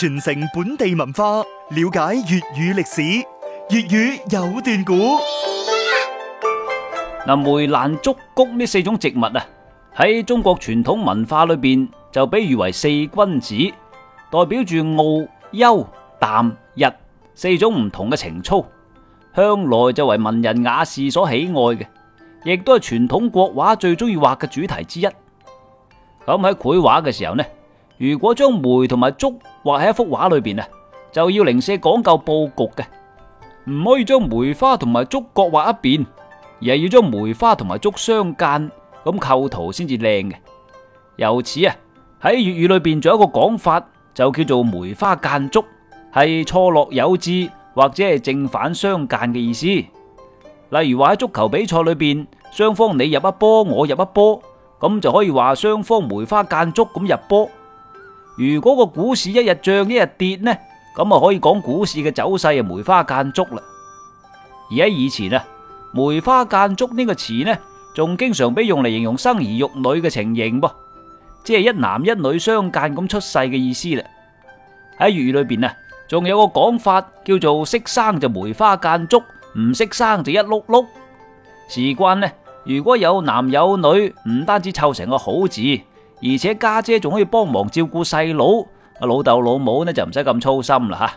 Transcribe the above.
傳承本地文化，了解粵語歷史，粵語有段古。嗱，梅蘭竹菊呢四種植物啊，喺中國傳統文化裏邊就被譽為四君子，代表住傲、幽、淡、逸四種唔同嘅情操。向來就為文人雅士所喜愛嘅，亦都係傳統國畫最中意畫嘅主題之一。咁喺繪畫嘅時候呢，如果將梅同埋竹畫喺一幅畫裏邊啊，就要零舍講究布局嘅，唔可以將梅花同埋竹各畫一邊，而係要將梅花同埋竹相間咁構圖先至靚嘅。由此啊，喺粵語裏邊仲有一個講法，就叫做梅花間竹，係錯落有致或者係正反相間嘅意思。例如話喺足球比賽裏邊，雙方你入一波，我入一波，咁就可以話雙方梅花間竹咁入波。如果個股市一日漲一日跌呢，咁啊可以講股市嘅走勢係梅花間竹啦。而喺以前啊，梅花間竹呢個詞呢，仲經常俾用嚟形容生兒育女嘅情形噃，即係一男一女相間咁出世嘅意思啦。喺粵語裏邊啊，仲有個講法叫做識生就梅花間竹，唔識生就一碌碌。事關呢，如果有男有女，唔單止湊成個好字。而且家姐仲可以幫忙照顧細佬，啊老豆老母呢就唔使咁操心啦吓。